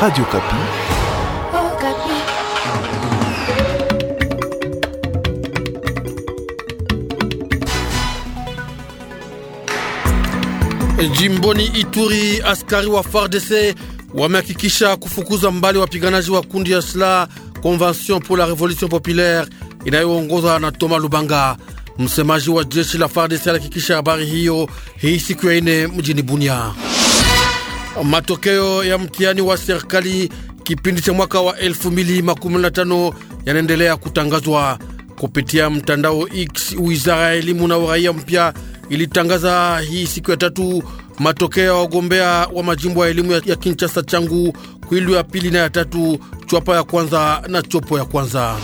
Radio Kapi. Oh, Kapi. Jimboni Ituri, askari wa FARDC wamehakikisha kufukuza mbali wapiganaji wa kundi ya silaha Convention pour la Revolution Populaire inayoongozwa na Toma Lubanga. Msemaji wa jeshi la FARDC alihakikisha habari hiyo hii siku ya ine mjini Bunia. Matokeo ya mtihani wa serikali kipindi cha mwaka wa 2015 yanaendelea kutangazwa kupitia mtandao X. Wizara ya elimu na uraia mpya ilitangaza hii siku ya tatu matokeo ya wagombea wa majimbo ya elimu ya Kinshasa, Changu, Kwilu ya pili na ya tatu, Chwapa ya kwanza na Chopo ya kwanza.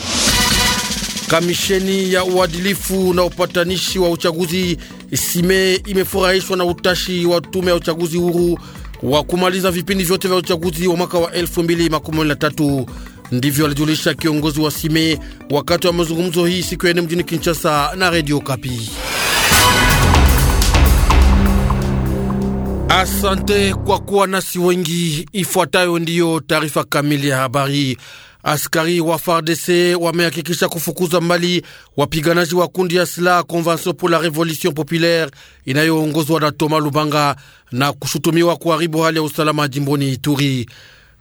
Kamisheni ya uadilifu na upatanishi wa uchaguzi Sime imefurahishwa na utashi wa tume ya uchaguzi huru wa kumaliza vipindi vyote vya uchaguzi wa mwaka wa 2013. Ndivyo alijulisha kiongozi wa Sime wakati wa mazungumzo hii siku ya nne mjini Kinshasa na Radio Kapi. Asante kwa kuwa nasi wengi. Ifuatayo ndiyo taarifa kamili ya habari. Askari wa FARDC wamehakikisha kufukuza mbali wapiganaji wa kundi ya silaha Convention pour la Revolution Populaire inayoongozwa na Toma Lubanga na kushutumiwa kuharibu hali ya usalama jimboni Ituri.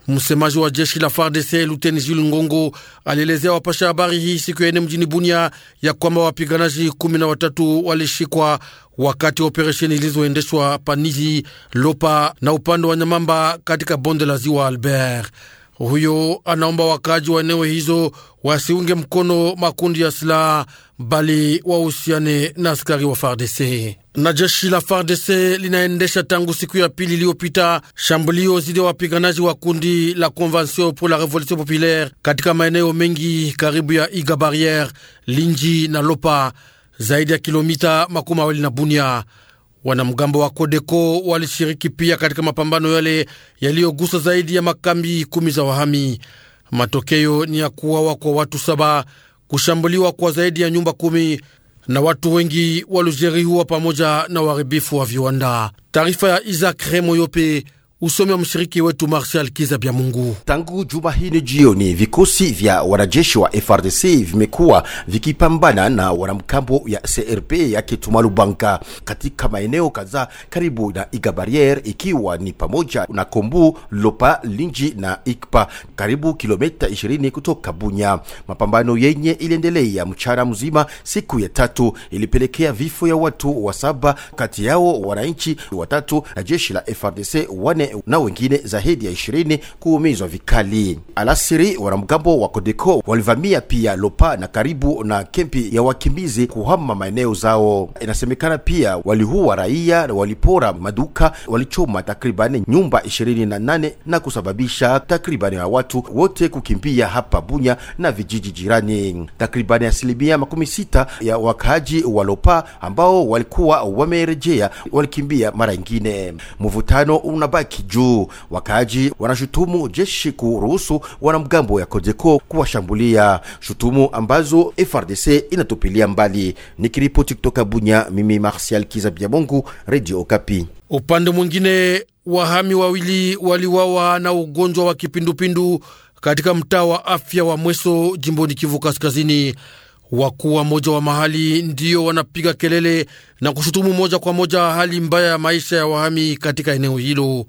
Msemaji wa jeshi la FARDC Luteni Jules Ngongo alielezea wapasha habari hii siku ya ene mjini Bunia ya kwamba wapiganaji kumi na watatu walishikwa wakati wa operesheni zilizoendeshwa Panizi, Lopa na upande wa Nyamamba katika bonde la ziwa Albert. Huyo anaomba wakaji wa eneo hizo wasiunge mkono makundi ya silaha bali wahusiane na askari wa FARDC na jeshi la FARDC linaendesha tangu siku ya pili iliyopita shambulio zidi ya wapiganaji wa kundi la Convention pour la Revolution Populaire katika maeneo mengi karibu ya Iga Barriere, Linji na Lopa, zaidi ya kilomita makumi mawili na Bunia. Wanamgambo wa Kodeko walishiriki pia katika mapambano yale yaliyogusa zaidi ya makambi kumi za wahami. Matokeo ni ya kuwawa kwa watu saba, kushambuliwa kwa zaidi ya nyumba kumi na watu wengi waliojeruhiwa pamoja na uharibifu wa viwanda. Taarifa ya Isaac Remoyope. Yope Usomi wa mshiriki wetu Marshal Kiza Bya Mungu. Tangu juma hili jioni, vikosi vya wanajeshi wa FRDC vimekuwa vikipambana na wanamkambo ya CRP ya Kitumalu katika maeneo kadhaa karibu na Iga Barriere, ikiwa ni pamoja na Kombu, Lopa, Linji na Ikpa, karibu kilomita 20 kutoka Bunya. Mapambano yenye iliendelea mchana mzima siku ya tatu ilipelekea vifo ya watu wa saba, kati yao wananchi watatu na jeshi la FRDC wane na wengine zaidi ya ishirini kuumizwa vikali. Alasiri wanamgambo wa Kodeko walivamia pia Lopa na karibu na kempi ya wakimbizi kuhama maeneo zao. Inasemekana pia waliua raia, walipora maduka, walichoma takribani nyumba ishirini na nane na kusababisha takribani ya watu wote kukimbia hapa Bunya na vijiji jirani. Takribani asilimia makumi sita ya wakaaji wa Lopa ambao walikuwa wamerejea walikimbia mara ingine. Mvutano unabaki kijuu. Wakaaji wanashutumu jeshi kuruhusu wanamgambo ya Kodeko kuwashambulia, shutumu ambazo FRDC inatupilia mbali. Nikiripoti kutoka Bunya, mimi Martial Kizabia Mungu, Radio Okapi. Upande mwingine, wahami wawili waliwawa na ugonjwa wa kipindupindu katika mtaa wa afya wa Mweso jimboni Kivu Kaskazini. Wakuu wa moja wa mahali ndiyo wanapiga kelele na kushutumu moja kwa moja hali mbaya ya maisha ya wahami katika eneo hilo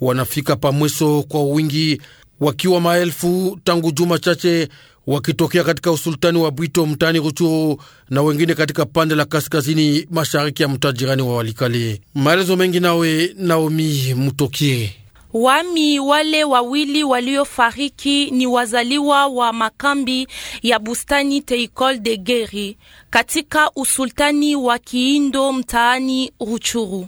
wanafika pamweso kwa wingi wakiwa maelfu tangu juma chache wakitokea katika usultani wa Bwito mtaani Ruchuru na wengine katika pande la kaskazini mashariki ya mta jirani wa Walikale. Maelezo mengi nawe Naomi Mutokie. Wami wale wawili waliofariki ni wazaliwa wa makambi ya bustani Teikol de Geri katika usultani wa Kiindo mtaani Ruchuru.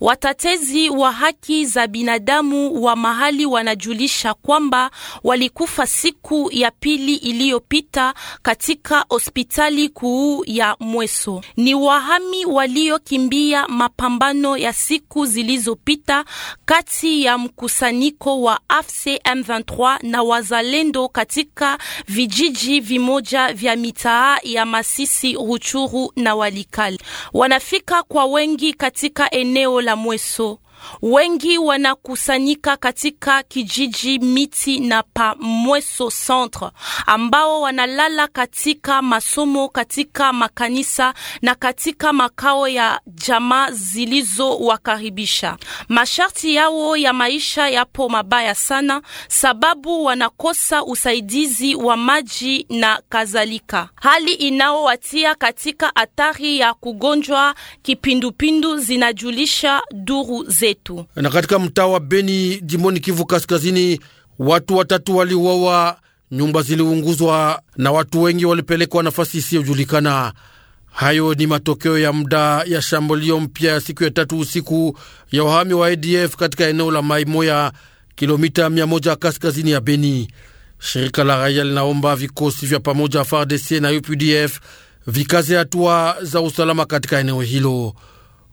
Watetezi wa haki za binadamu wa mahali wanajulisha kwamba walikufa siku ya pili iliyopita katika hospitali kuu ya Mweso. Ni wahami waliokimbia mapambano ya siku zilizopita kati ya mkusanyiko wa AFC M23 na wazalendo katika vijiji vimoja vya mitaa ya Masisi, Ruchuru na Walikali. Wanafika kwa wengi katika eneo o la mueso Wengi wanakusanyika katika kijiji miti na pamweso centre, ambao wanalala katika masomo, katika makanisa na katika makao ya jamaa zilizowakaribisha. Masharti yao ya maisha yapo mabaya sana, sababu wanakosa usaidizi wa maji na kadhalika, hali inaowatia katika hatari ya kugonjwa kipindupindu, zinajulisha duru ze zetu. Na katika mtaa wa Beni jimboni Kivu Kaskazini, watu watatu waliuawa, nyumba ziliunguzwa na watu wengi walipelekwa nafasi isiyojulikana. Hayo ni matokeo ya muda ya shambulio mpya ya siku ya tatu usiku ya wahami wa ADF katika eneo la Maimoya, kilomita 100 kaskazini ya Beni. Shirika la raia linaomba vikosi vya pamoja FARDC na UPDF vikaze hatua za usalama katika eneo hilo.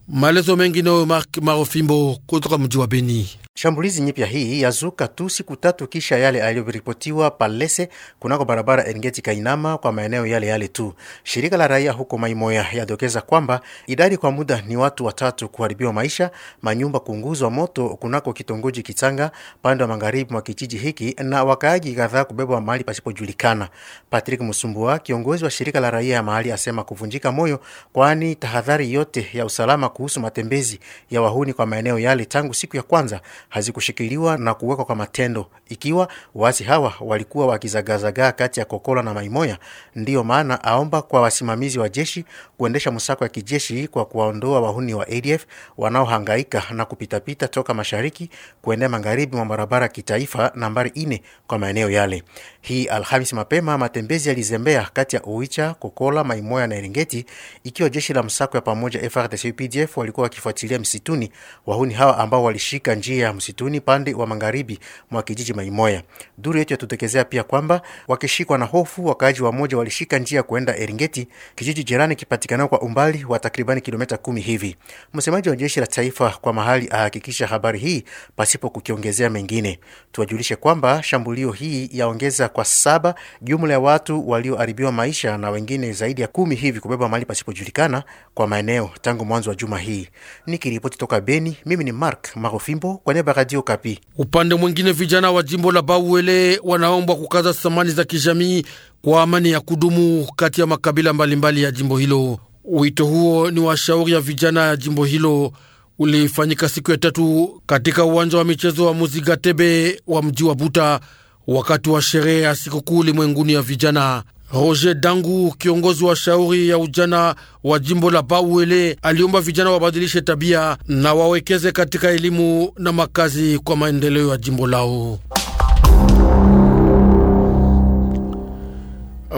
Maelezo mengi nayo Mark Marofimbo kutoka mji wa Beni. Shambulizi nyipya hii yazuka tu siku tatu kisha yale aliyoripotiwa Palese kunako barabara Eringeti Kainama kwa maeneo yale yale tu. Shirika la raia huko Maimoya yadokeza kwamba idadi kwa muda ni watu watatu kuharibiwa maisha, manyumba kuunguzwa moto kunako kitongoji Kitanga pande wa magharibi mwa kijiji hiki na wakaaji kadhaa kubebwa mahali pasipojulikana. Patrick Musumbua, kiongozi wa shirika la raia ya mahali, asema kuvunjika moyo, kwani tahadhari yote ya usalama kuhusu matembezi ya wahuni kwa maeneo yale tangu siku ya kwanza hazikushikiliwa na kuwekwa kwa matendo, ikiwa waasi hawa walikuwa wakizagazagaa kati ya Kokola na Maimoya. Ndiyo maana aomba kwa wasimamizi wa jeshi kuendesha msako ya kijeshi kwa kuwaondoa wahuni wa ADF wanaohangaika na kupitapita toka mashariki kuendea magharibi mwa barabara ya kitaifa nambari ine kwa maeneo yale. Hii Alhamis mapema matembezi yalizembea kati ya Uicha, Kokola, Maimoya na Eringeti, ikiwa jeshi la msako ya pamoja FRDC UPDF walikuwa wakifuatilia msituni wahuni hawa ambao walishika njia ya msituni pande wa magharibi mwa kijiji Maimoya. Duru yetu yatutekezea pia kwamba wakishikwa na hofu, wakaaji wamoja walishika njia kuenda Eringeti, kijiji jirani kipatikana wapatikanao kwa umbali wa takribani kilomita kumi hivi. Msemaji wa jeshi la taifa kwa mahali ahakikisha habari hii pasipo kukiongezea mengine. Tuwajulishe kwamba shambulio hii yaongeza kwa saba jumla ya watu walioharibiwa maisha na wengine zaidi ya kumi hivi kubeba mali pasipojulikana kwa maeneo tangu mwanzo wa juma hii. Nikiripoti toka Beni, mimi ni Mark Marofimbo kwa niaba ya Radio Kapi. Upande mwingine, vijana wa jimbo la Bauele wanaombwa kukaza thamani za kijamii kwa amani ya kudumu kati ya makabila mbalimbali ya jimbo hilo. Wito huo ni washauri ya vijana ya jimbo hilo ulifanyika siku ya tatu katika uwanja wa michezo wa Muzigatebe wa mji wa Buta wakati wa sherehe ya sikukuu ulimwenguni ya vijana. Roger Dangu, kiongozi wa shauri ya ujana wa jimbo la Bauele, aliomba vijana wabadilishe tabia na wawekeze katika elimu na makazi kwa maendeleo ya jimbo lao.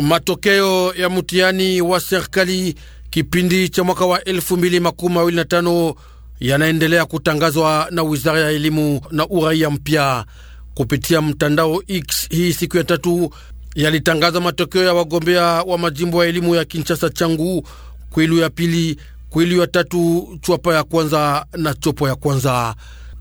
matokeo ya mtihani wa serikali kipindi cha mwaka wa 2025 yanaendelea kutangazwa na wizara ya elimu na uraia mpya kupitia mtandao X. Hii siku ya tatu yalitangaza matokeo ya wagombea wa majimbo ya elimu ya Kinshasa, Changu, Kwilu ya pili, Kwilu ya tatu, Chwapa ya kwanza na Chopo ya kwanza.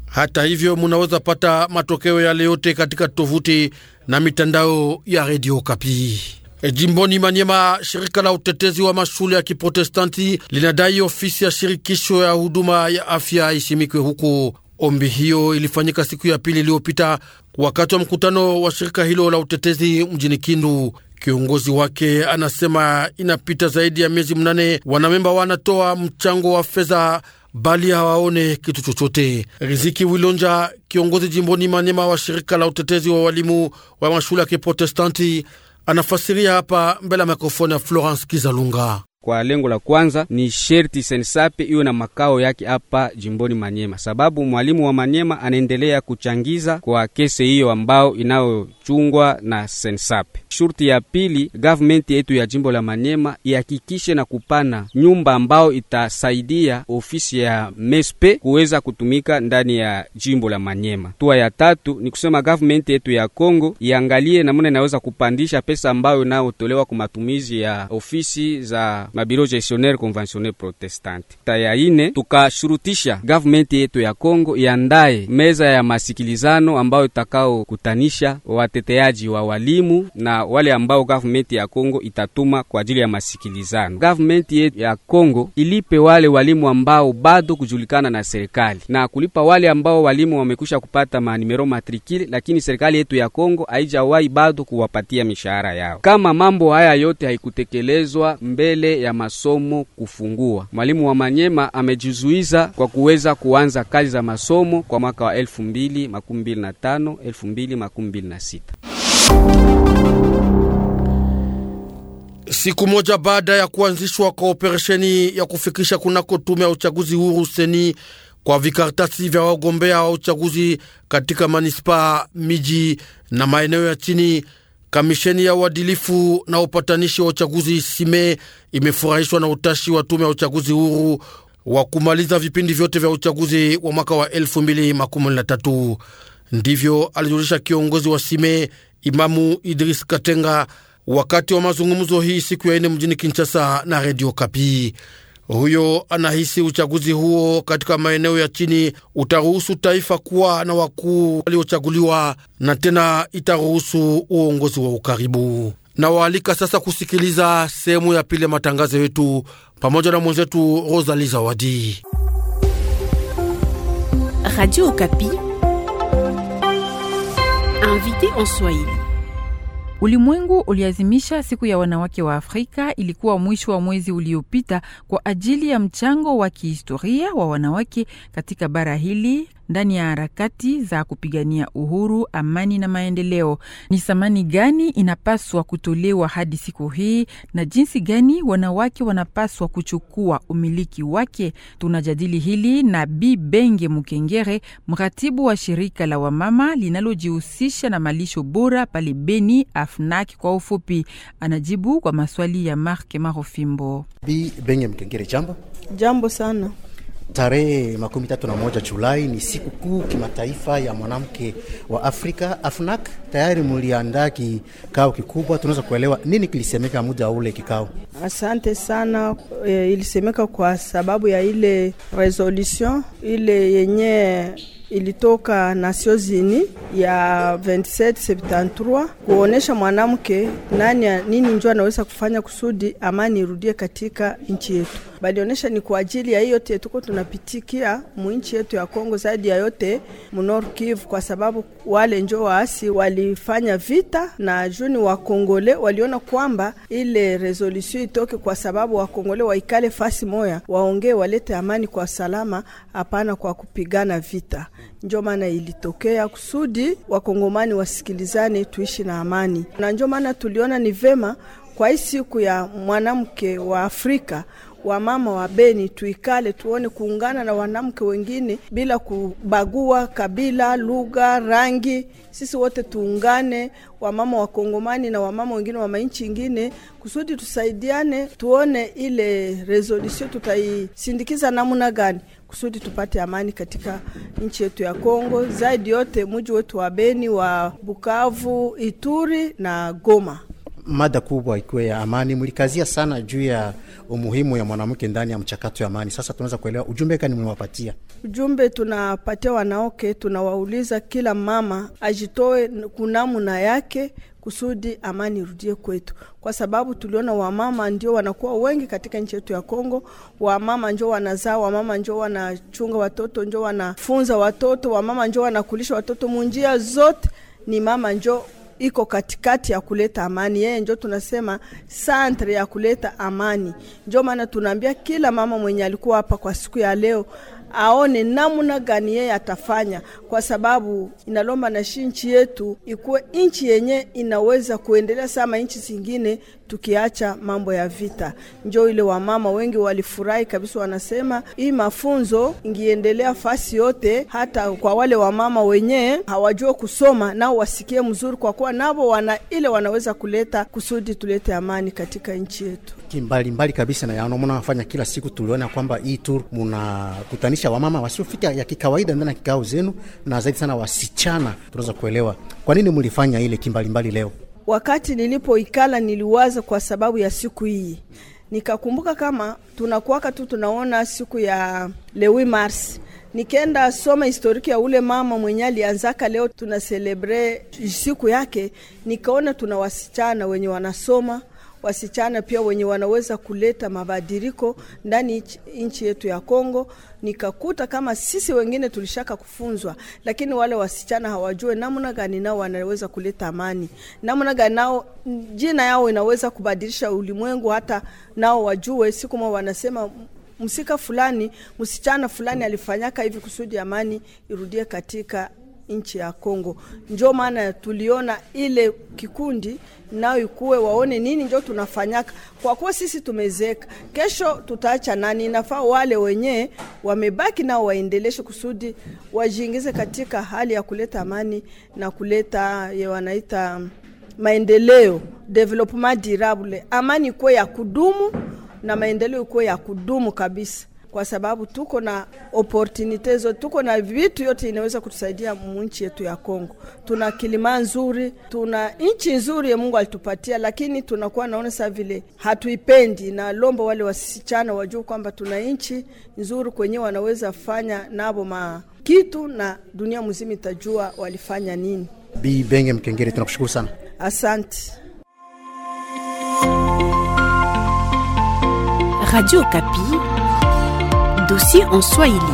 Hata hivyo, munaweza pata matokeo yale yote katika tovuti na mitandao ya redio Kapi. E, jimboni Manyema, shirika la utetezi wa mashule ya Kiprotestanti linadai ofisi ya shirikisho ya huduma ya afya ishimikwe huku Ombi hiyo ilifanyika siku ya pili iliyopita wakati wa mkutano wa shirika hilo la utetezi mjini Kindu. Kiongozi wake anasema inapita zaidi ya miezi mnane wanamemba wanatoa mchango wa fedha bali hawaone kitu chochote. Riziki Wilonja, kiongozi jimboni Manyema wa shirika la utetezi wa walimu wa mashule ya Kiprotestanti, anafasiria hapa mbele ya mikrofoni ya Florence Kizalunga. Kwa lengo la kwanza ni sherti Sensape iwe na makao yake hapa jimboni Manyema, sababu mwalimu wa Manyema anaendelea kuchangiza kwa kesi hiyo ambao inayochungwa na Sensape. Shurti ya pili, government yetu ya jimbo la Manyema ihakikishe na kupana nyumba ambao itasaidia ofisi ya mespe kuweza kutumika ndani ya jimbo la Manyema. Tua ya tatu ni kusema government yetu ya Kongo iangalie namna inaweza kupandisha pesa ambayo inayotolewa kwa matumizi ya ofisi za mabiro gestionnaire conventionnel protestante. Taya ine tukashurutisha government yetu ya Kongo iandaye meza ya masikilizano ambayo itakaokutanisha wateteaji wa walimu na wale ambao government ya Kongo itatuma kwa ajili ya masikilizano. Government yetu ya Kongo ilipe wale walimu ambao bado kujulikana na serikali na kulipa wale ambao walimu wamekusha kupata manimero matrikile, lakini serikali yetu ya Kongo haijawahi bado kuwapatia mishahara yao. Kama mambo haya yote haikutekelezwa mbele ya masomo kufungua. Mwalimu wa Manyema amejizuiza kwa kuweza kuanza kazi za masomo kwa mwaka wa 2025 2026. Siku moja baada ya kuanzishwa kwa operesheni ya kufikisha kunako tume ya uchaguzi huru seni kwa vikaratasi vya wagombea wa uchaguzi katika manispaa, miji na maeneo ya chini Kamisheni ya uadilifu na upatanishi wa uchaguzi Sime imefurahishwa na utashi wa tume ya uchaguzi huru wa kumaliza vipindi vyote vya uchaguzi wa mwaka wa 2013. Ndivyo alijulisha kiongozi wa Sime Imamu Idris Katenga wakati wa mazungumzo hii siku ya ine mjini Kinshasa na Redio Kapi. Huyo anahisi uchaguzi huo katika maeneo ya chini utaruhusu taifa kuwa na wakuu waliochaguliwa na tena itaruhusu uongozi wa ukaribu. Nawaalika sasa kusikiliza sehemu ya pili ya matangazo yetu pamoja na mwenzetu Rosali Zawadi, Radio Okapi, invité en Swahili. Ulimwengu uliazimisha siku ya wanawake wa Afrika ilikuwa mwisho wa mwezi uliopita kwa ajili ya mchango wa kihistoria wa wanawake katika bara hili ndani ya harakati za kupigania uhuru, amani na maendeleo. Ni thamani gani inapaswa kutolewa hadi siku hii na jinsi gani wanawake wanapaswa kuchukua umiliki wake? Tunajadili hili na Bi Benge Mukengere, mratibu wa shirika la wamama linalojihusisha na malisho bora pale Beni, AFNAK kwa ufupi. Anajibu kwa maswali ya Mark Marofimbo. Bi Benge Mukengere, jambo. Jambo sana. Tarehe makumi tatu na moja Julai ni siku kuu kimataifa ya mwanamke wa Afrika. AFNAK tayari muliandaa kikao kikubwa, tunaweza kuelewa nini kilisemeka muda wa ule kikao? Asante sana. E, ilisemeka kwa sababu ya ile resolution ile yenye ilitoka Nations Unies ya 2773 kuonesha mwanamke nani nini njoo anaweza kufanya kusudi amani irudie katika nchi yetu. Balionyesha ni kwa ajili ya hiyo yote tuko tunapitikia mwinchi yetu ya Kongo, zaidi ya yote mnor Kivu, kwa sababu wale njo waasi walifanya vita na juni wa Kongole waliona kwamba ile resolution itoke kwa sababu wakongole waikale fasi moya, waongee, walete amani kwa salama, hapana kwa kupigana vita. Njo maana ilitokea kusudi wakongomani wasikilizane, tuishi na amani, na njo maana tuliona ni vema kwa hii siku ya mwanamke wa Afrika wamama wa Beni tuikale tuone kuungana na wanamke wengine bila kubagua kabila, lugha, rangi. Sisi wote tuungane, wamama wa Kongomani na wamama wengine wa mainchi ingine, kusudi tusaidiane, tuone ile resolution tutaisindikiza namna gani kusudi tupate amani katika nchi yetu ya Kongo, zaidi yote muji wetu wa Beni, wa Bukavu, Ituri na Goma mada kubwa ikiwa ya amani. Mlikazia sana juu ya umuhimu ya mwanamke ndani ya mchakato ya amani. Sasa tunaweza kuelewa ujumbe gani mliwapatia? Ujumbe tunapatia wanawake, tunawauliza kila mama ajitoe kunamuna yake kusudi amani irudie kwetu, kwa sababu tuliona wamama ndio wanakuwa wengi katika nchi yetu ya Kongo. Wamama njo wanazaa, wamama njo wanachunga watoto, njo wanafunza watoto, wamama njo wanakulisha watoto munjia zote, ni mama njo iko katikati ya kuleta amani. Yeye njo tunasema santre ya kuleta amani. ndio maana tunaambia kila mama mwenye alikuwa hapa kwa siku ya leo aone namna gani yeye atafanya, kwa sababu inalomba na shi nchi yetu ikuwe nchi yenye inaweza kuendelea sama nchi zingine tukiacha mambo ya vita. Njo ile wamama wengi walifurahi kabisa, wanasema hii mafunzo ingiendelea fasi yote, hata kwa wale wamama wenyewe hawajua kusoma, nao wasikie mzuri, kwa kuwa navo wana ile wanaweza kuleta kusudi tulete amani katika nchi yetu kimbalimbali kabisa, na yanamona wafanya kila siku. Tuliona kwamba hii tour munakutanisha wamama wasiofika ya kikawaida ndani ya kikao zenu, na zaidi sana wasichana. Tunaweza kuelewa kwa nini mlifanya ile kimbalimbali leo. Wakati nilipoikala niliwaza kwa sababu ya siku hii, nikakumbuka kama tunakuaka tu tunaona siku ya lewi mars Nikenda soma historiki ya ule mama mwenye alianzaka, leo tunaselebre siku yake. Nikaona tuna wasichana wenye wanasoma wasichana pia wenye wanaweza kuleta mabadiliko ndani nchi yetu ya Kongo. Nikakuta kama sisi wengine tulishaka kufunzwa, lakini wale wasichana hawajue namna gani nao wanaweza kuleta amani, namna gani nao jina yao inaweza kubadilisha ulimwengu, hata nao wajue siku moja wanasema msika fulani msichana fulani alifanyaka hivi kusudi amani irudie katika nchi ya Kongo. Njo maana tuliona ile kikundi nao ikuwe waone nini njo tunafanyaka, kwa kuwa sisi tumezeka Kesho tutaacha nani? Inafaa wale wenye wamebaki nao waendeleshe kusudi wajiingize katika hali ya kuleta amani na kuleta ye wanaita maendeleo, development durable. Amani ikuwe ya kudumu na maendeleo ikuwe ya kudumu kabisa kwa sababu tuko na opportunity zote, tuko na vitu yote inaweza kutusaidia munchi yetu ya Kongo. Tuna kilima nzuri, tuna nchi nzuri ya Mungu alitupatia, lakini tunakuwa naona saa vile hatuipendi. Na lomba wale wasichana wajue kwamba tuna nchi nzuri kwenye wanaweza fanya nabo ma kitu na dunia mzima itajua walifanya nini. Bi Benge Mkengere, tunakushukuru sana, asante. Radio Kapi Dossier en Swahili.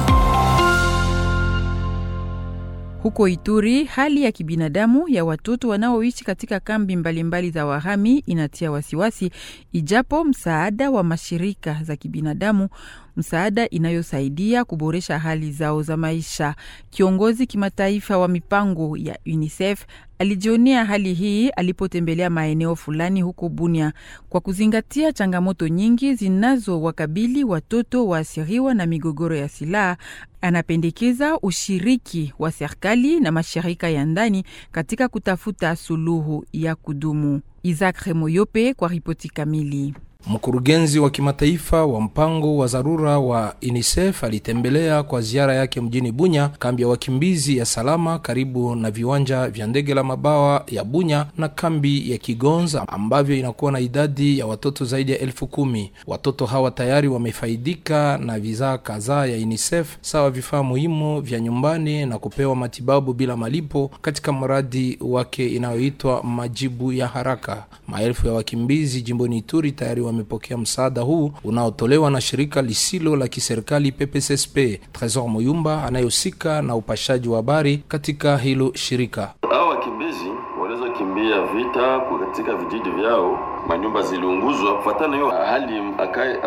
Huko Ituri, hali ya kibinadamu ya watoto wanaoishi katika kambi mbalimbali za wahami inatia wasiwasi, ijapo msaada wa mashirika za kibinadamu msaada inayosaidia kuboresha hali zao za maisha. Kiongozi kimataifa wa mipango ya UNICEF alijionea hali hii alipotembelea maeneo fulani huko Bunia, kwa kuzingatia changamoto nyingi zinazowakabili watoto waasiriwa na migogoro ya silaha. Anapendekeza ushiriki wa serikali na mashirika ya ndani katika kutafuta suluhu ya kudumu. Isaac Remoyope kwa ripoti kamili. Mkurugenzi wa kimataifa wa mpango wa dharura wa UNICEF alitembelea kwa ziara yake mjini Bunya kambi ya wakimbizi ya Salama karibu na viwanja vya ndege la mabawa ya Bunya na kambi ya Kigonza ambavyo inakuwa na idadi ya watoto zaidi ya elfu kumi. Watoto hawa tayari wamefaidika na vizaa kadhaa ya UNICEF sawa vifaa muhimu vya nyumbani na kupewa matibabu bila malipo katika mradi wake inayoitwa majibu ya haraka. Maelfu ya wakimbizi jimboni Ituri tayari wamepokea msaada huu unaotolewa na shirika lisilo la kiserikali PPSSP. Tresor Moyumba anayehusika na upashaji wa habari katika hilo shirika. Hao wakimbizi walizokimbia vita katika vijiji vyao, manyumba ziliunguzwa. Kufuatana hiyo hali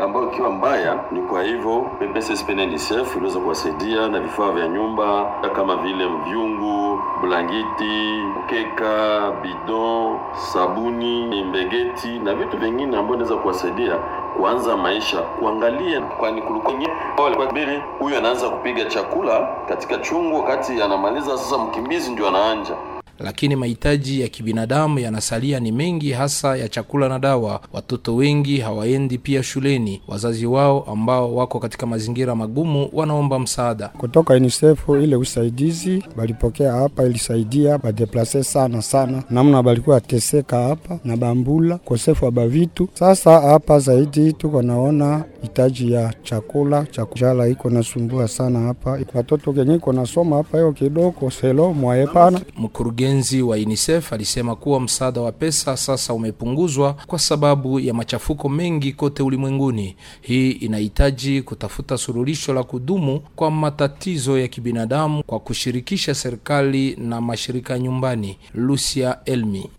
ambayo ikiwa mbaya, ni kwa hivyo PPSSP na UNICEF iliweza kuwasaidia na vifaa vya nyumba kama vile vyungu blangiti, mkeka, bidon, sabuni, mbegeti na vitu vingine ambavyo naweza kuwasaidia kuanza maisha, kuangalia, kwani kulikuwabiri huyu anaanza kupiga chakula katika chungu wakati anamaliza. Sasa mkimbizi ndio anaanja lakini mahitaji ya kibinadamu yanasalia ni mengi, hasa ya chakula na dawa. Watoto wengi hawaendi pia shuleni, wazazi wao ambao wako katika mazingira magumu wanaomba msaada kutoka UNICEF. Ile usaidizi balipokea hapa ilisaidia badeplase sana sana, namna balikuwa teseka hapa na bambula kosefu wa bavitu. Sasa hapa zaidi tuko naona hitaji ya chakula cha kujala iko nasumbua sana hapa, watoto kenye iko nasoma hapa hiyo kidogo selo mwayepana mkurugenzi mkurugenzi wa UNICEF alisema kuwa msaada wa pesa sasa umepunguzwa kwa sababu ya machafuko mengi kote ulimwenguni. Hii inahitaji kutafuta suluhisho la kudumu kwa matatizo ya kibinadamu kwa kushirikisha serikali na mashirika nyumbani. Lucia Elmi: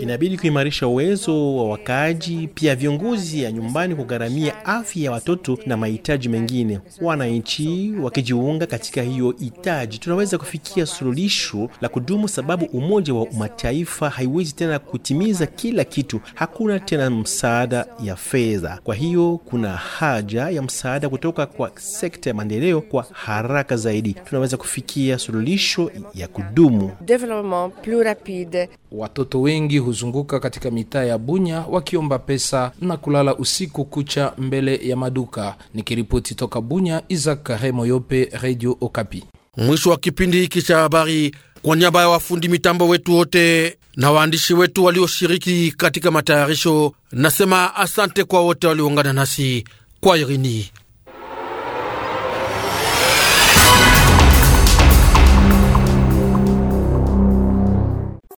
inabidi kuimarisha uwezo wa wakaaji, pia viongozi ya nyumbani kugharamia afya ya watoto na mahitaji mengine. Wananchi wakijiunga katika hiyo hitaji, tunaweza kufikia suluhisho la kudumu, sababu Umoja wa Mataifa haiwezi tena kutimiza kila kitu. Hakuna tena msaada ya fedha, kwa hiyo kuna haja ya msaada kutoka kwa sekta ya maendeleo kwa haraka zaidi. Tunaweza kufikia suluhisho ya kudumu. Watoto wengi huzunguka katika mitaa ya Bunya wakiomba pesa na kulala usiku kucha mbele ya maduka. Nikiripoti toka Bunya, Isaac Karemoyope, Radio Okapi. Mwisho wa kipindi hiki cha habari. Kwa niaba ya wafundi mitambo wetu wote na waandishi wetu walioshiriki katika matayarisho, nasema asante kwa wote walioungana nasi kwa irini.